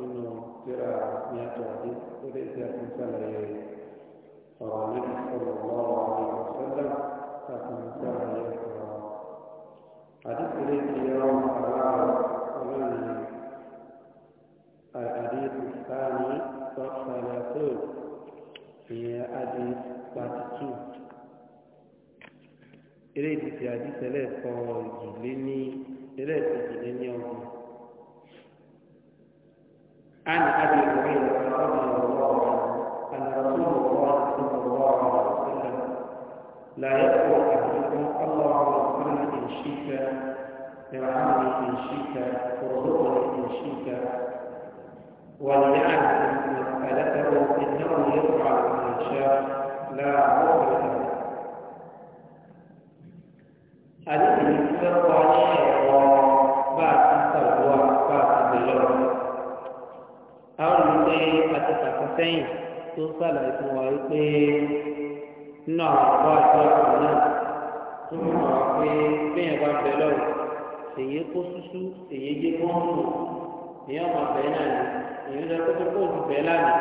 nínú tíra ní àtúwádé tó lè ṣe àtúnṣàlàyé ọ̀rọ̀ níbi sọ̀rọ̀ lọ́wọ́ àwọn ìṣẹ́lẹ̀ àtúnṣàlàyé ọ̀rọ̀ àdìsílẹ̀ ti yọ aláwọ̀ ọlọ́run الحديث الثاني والثلاثون في حديث 32 eléyìí ti àdìsẹ́lẹ̀ kan ìjìléní eléyìí ti ìjìléní ọgbọ̀n أبي هريرة رضي الله عنه أن رسول الله صلى الله عليه وسلم لا يقول أحدكم اللهم اغفرني إن شئت ارحمني إن شئت وارزقني إن شئت وليعلم مسألته إنه يفعل ما يشاء لا عوض له. الذي يفترض عليه sẹ́yìn tó sàlàyé fún wa wípé nínú àwọn àti ọkùnrin náà tó mú pé bá bẹ lọ́wọ́ èyí kó súsú èyí èyí ọmọ bẹ́ẹ̀ náà ni èyí lọ bẹ́ẹ̀ lánàá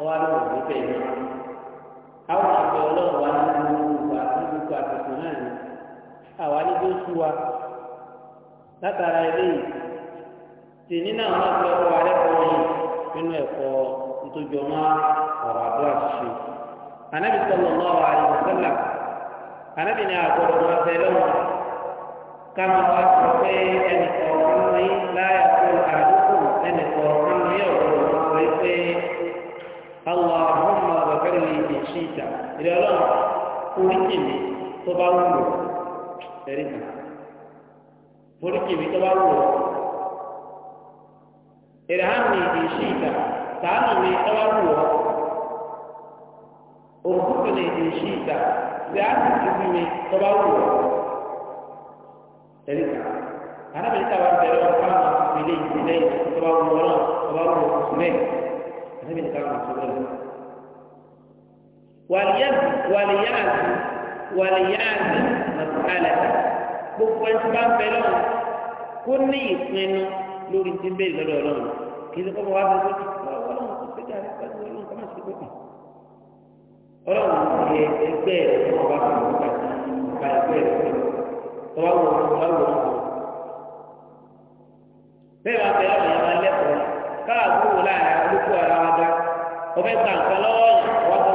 ọwọ́ nínú ẹ̀kọ́ ntójọmọ́ ọ̀rọ̀ àdúrà ṣíṣe anabi sọlọ lọ́wọ́ àyẹ̀wò sẹ́là anabi ní àgbọ̀dọ̀ máa fẹ́ lọ́wọ́ kama wá sọ pé ẹnì kọ̀ọ̀kan ní láyà tó àdúgbò ẹnì kọ̀ọ̀kan ní ọ̀rọ̀ sọ pé tó bá wù ọ́ ẹ̀rí mi oríkì mi tó bá wù ọ́. ارهمني في شئت تعاملني أوروه ارهمني في شئت لأنك تبني تبروه ذلك أنا بنت أوان بيرو أنا بلي بلي تبروه ولا تبروه سمين أنا بنت أوان سمين وليان وليان وليان مسألة gbogbo ẹni tí bá ń bẹ lọ́wọ́ kó ní ìpinnu lórí ti ń béèrè lọ́dọ̀ ọlọ́run kì í ṣe kọ́kọ́ wá bẹ́ẹ̀ lókè ọlọ́run kò sí dáa pẹ̀lú ọlọ́run kọ́ máa ṣe kókò. ọlọ́run ti yẹ ẹgbẹ́ rẹ̀ tí wọ́n bá fi wọ́n bá ti ba ẹgbẹ́ rẹ̀ fún un tọ́wọ́ wọ tọ́wọ́ wọ wọn. bẹ́ẹ̀ wá bẹ́ẹ̀ láwọn yẹn máa lẹ́kọ̀ọ́ káàbù wò láàrin olóko ara wa dá ọbẹ̀ gbà nǹkan lọ́wọ́ yẹn wọ́n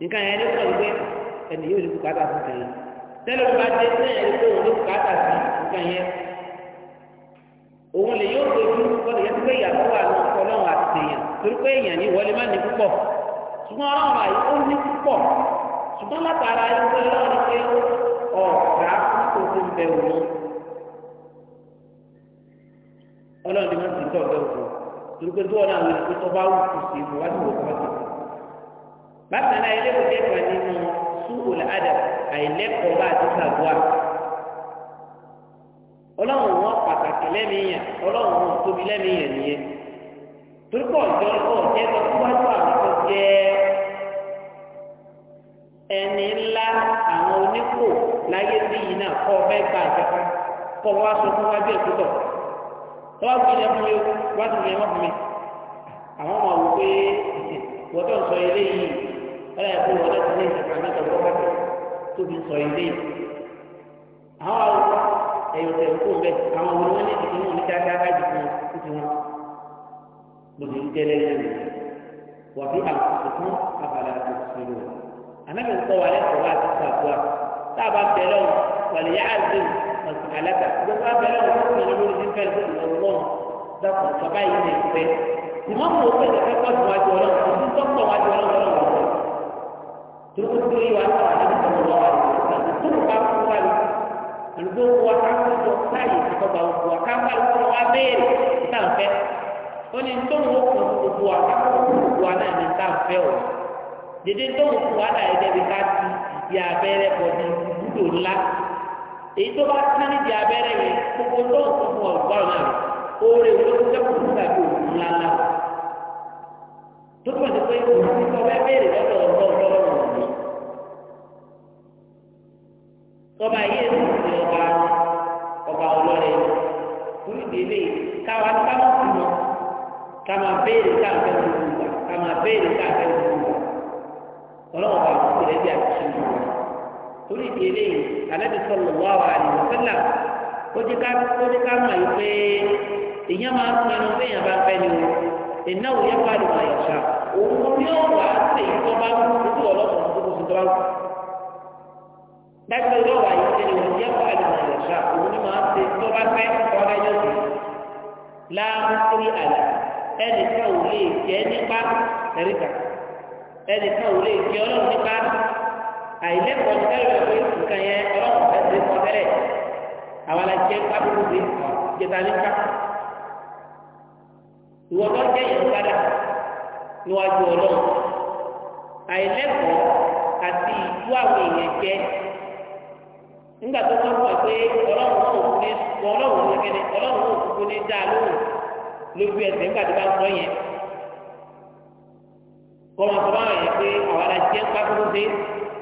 nǹkan yẹn ló sọ pé ẹni yóò ní bùkátà sí nǹkan yẹn tẹ́lẹ̀ bá dé sẹ́yìn ẹni tó ní bùkátà sí nǹkan yẹn òun lè yóò dojú kọ́ni yẹn tó pé ìyàtọ̀ wà ní ọlọ́run àti tèèyàn torí pé èèyàn ní ìwọlé má ní púpọ̀ ṣùgbọ́n ọlọ́run àyè ó ní púpọ̀ ṣùgbọ́n látara ẹgbẹ́ ọlọ́run pé ọ̀gá tó ń bẹ̀rù wọn ọlọ́run ni wọ́n ti tọ̀ bẹ̀rù wọn torí pé bákan náà ilé ìwé kan nínú sùúrù adam àìlẹ́kọ̀ọ́ bá ti sàdúrà ọlọ́run wọn pàtàkì lẹ́mìíyàn ọlọ́run wọn tóbi lẹ́mìíyàn nìyẹn torí pọ̀ ndị ọjọ́ ẹgbẹ́ tó wájú àwọn tó jẹ́ ẹni ńlá àwọn onípò láyé bí yìí náà kọ́ ọbẹ̀ gba ìjọba kọ́ wá sọ fún wájú ìtútọ̀ tọ́wọ́ fi ilẹ̀ fún mi àwọn ọmọ wọ́n tó ń sọ eléyìí. فلا يقول ولا تنين سبحانك اللهم تبي صيدين هاو ẹyọ tẹ ń kó bẹ àwọn olùwọ́n ní ìdí wọn ní dáadáa bá jù fún títí wọn lòdì ń tẹ́lẹ̀ lẹ́nu wà bí àkókò fún abala àkókò lò ànábì ń kọ́ wa lẹ́kọ̀ọ́ bá ti sàkóa tá a bá bẹ̀rẹ̀ wọn wàlẹ̀ yá àdé ọ̀sìn àlàkà gbogbo abẹ́rẹ́ wọn fún mi lórí lórí ọlọ́run dàpọ̀ bàbá yìí wa wa náà ní ká fẹ́ o dèdè tó ń fún wa náà yẹ kẹ́bi ká ti ìdí abẹ́rẹ́ pọ̀ ní ibùdó ńlá èyí tó bá ti ní ìdí abẹ́rẹ́ yẹn gbogbo tó ń fún wa ọ̀gbọ́n náà oore wo ló ti kú tàbí òkú ńlá ńlá tó kàn ní pé òkú tó bẹ́ẹ̀ béèrè lọ́dọ̀ ọ̀gbọ́n lọ́wọ́ wọn tọ́ba yé ìrìnàjò ọba ọba ọlọ́rẹ̀ orí ìdílé káwa káwọn fún ká máa béèrè káàkiri gbogbo ìgbà ká máa béèrè káàkiri gbogbo ìgbà ọlọ́wọ́ bá kú rẹ̀ bí àti ṣẹ́nu wa torí ìdí eléyìí alẹ́bí sọ̀rọ̀ wá wa àlejò sẹ́là ó jẹ́ ká ó jẹ́ ká mọ̀ yìí pé èèyàn máa ń pinnu béèyàn bá fẹ́ ni o ìnáwó yẹn bá lè máa yàtọ̀ òun ni ó wà á sè tó bá wù kó tó ọlọ́sọ̀rọ̀ tó kó tó bá wù dájúdájú yìí ṣe ìwọ̀n yẹn bá lè máa yàtọ̀ òun ni máa ń tó bá fẹ́ tó bá yọ̀ sí láàmú sí àlàyé ẹnì kan ò lè jẹ́ nípa ẹ̀ríkà ẹnì kan ò lè jẹ́ ọlọ́run nípa àìlẹ́kọ̀ọ́ tẹ́lẹ̀ pé nǹkan yẹn ọlọ́run fẹ́ ṣe kọ́ tẹ́lẹ̀ àwọn alájẹ pápákọ̀ ṣe jẹta nípa ìwọ bá jẹ́ yẹn padà níwájú ọlọ́run àìlẹ́kọ̀ọ́ àti ìlú àwọn èèyàn jẹ́ nígbà tó tọ́ fún ọ pé ọlọ́run náà kú ní ọlọ́run náà kẹ́ni ọlọ́run náà kú ní dáa lóhùn lójú ẹsẹ̀ nígbà tó bá ń sọ yẹn kọ́mọ tó bá wà yẹn pé àwọn alájẹ ń pákó lóde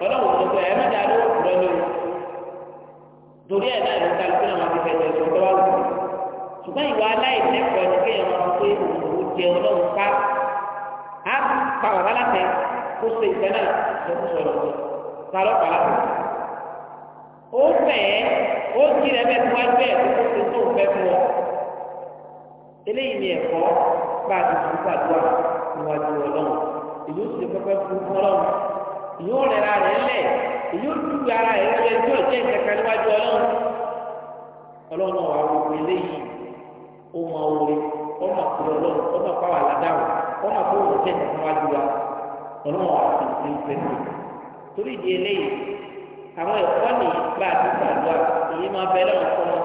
ọlọ́wọ́ tó sọ ẹ̀ mẹ́ta ló rọ ní o torí ẹ̀ náà ló ń kálukú náà máa fi fẹ̀sẹ̀ sọ tó bá wù ṣùgbọ́n ìwà aláìlẹ́kọ̀ọ́ ni kéèyàn máa pé òun jẹ ọlọ́run pa á pa bàbá láti kó ṣe ìfẹ́ náà lọ́kùn sọ̀rọ̀ ta ó fẹ́ ó kí rẹ bẹ́ẹ̀ tó wá bẹ́ẹ̀ tó kó tó fẹ́ fún ọ eléyìí ni ẹ̀kọ́ bá a ti fún gbàdúrà níwájú ọlọ́run èyí ó sì pẹ́pẹ́ fún ọlọ́run èyí ó rẹ̀ ara rẹ̀ lẹ̀ èyí ó dúdú ara rẹ̀ lọ́yẹ tí ó jẹ́ ìkẹkẹ níwájú ọlọ́run ọlọ́run wà wọ eléyìí ó mọ orí ọmọ àkùrẹ ọlọ́run ọmọ àpáwà ládàrú òun jẹ́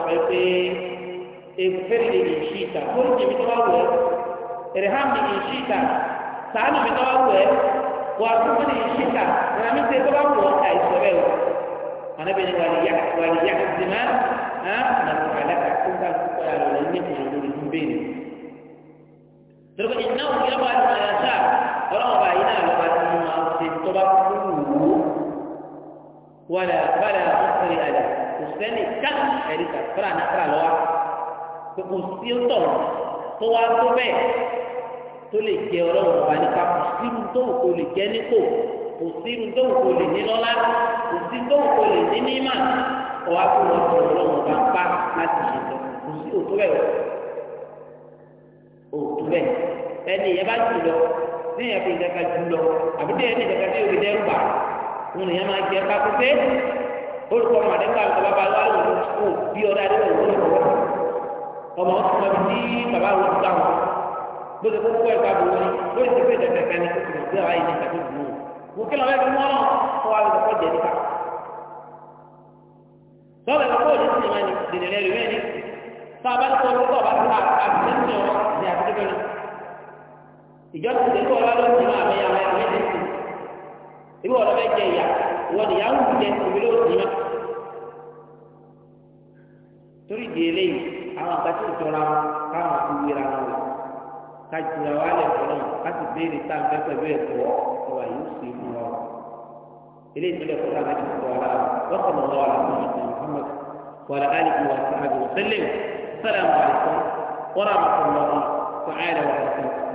a ti اغفر لي إن شئت فرج بتواوه ارحمني إن شئت سعد بتواوه وأرحمني إن شئت أنا من تتواوه أي سبب أنا بين وليح وليح الزمان ها نصر لك كنت أقول لك أن بيني ترى إنه يبغى ما يشاء رغب إلى لغة ما تتوقعه ولا فلا مصر أدى وسنة كم حديثة فلا نقرأ لغة pé kò sí tọ̀rọ̀ tó wá tó bẹ́ẹ̀ tó lè jẹ ọlọ́run ọba nípa kò sírun tó wù kó lè jẹ nípò kò sírun tó wù kó lè ní lọ́lá kò sí tó wù kó lè ní mímà ọwọ́ kó lọ sí ọlọ́run ọba ń bá láti ṣe lọ kò sí òtún bẹ́ẹ̀ òtún bẹ́ẹ̀ ẹni yẹn bá jù lọ ní ìyẹn fi ìjàkà jù lọ àbí tí ẹni ìjàkà tí òkè dẹ́rù bà ń nìyẹn máa jẹ bá kó pé olùkọ́ màdé ń bá ọba bá lọ́wọ́ bí ọ̀dà ọmọ ọtún lọ sí bàbá wọn gbà wọn bó ti kókó ẹgbàá bò wọn bó ti pè dẹ̀dẹ̀ kan ní kókó ìgbé àwọn ayé nígbà tó dùn wọn kí lọ́wọ́ ẹgbẹ́ mọ́ràn kó wà lọ́kọ́ jẹ nípa. sọ́ọ̀bù ẹ̀ka kó o ní sinimá ni dèdè rẹ̀ rí mẹ́rin sọ abá tó lọ́kọ́ ọba tó àtúntò ní àtúntò ní. ìjọ ti dé kó ọba ló sinimá àmì àwọn ẹ̀rọ mẹ́rin sí. ibi wọn lọ fẹ́ jẹ ìwé ló àwọn àkàtì ìjọra wọn káwọn àti wíra wọn wò kájúra wa lè fọ náà láti béèrè tá a fẹ́ pẹ̀lú ẹ̀kọ́ ọ̀wà yóò sì fún wa. eléyìí tó lè fọ́ láti fọ́ ara wọn lọ́kàn lọ́wọ́ àwọn ọmọ ìjọba Muhammad wàlá alihi wa sàbẹ̀ wọ́sẹ̀lẹ̀ sàlámù alaykum wa rahmatullahi ta'ala wa barakatuh.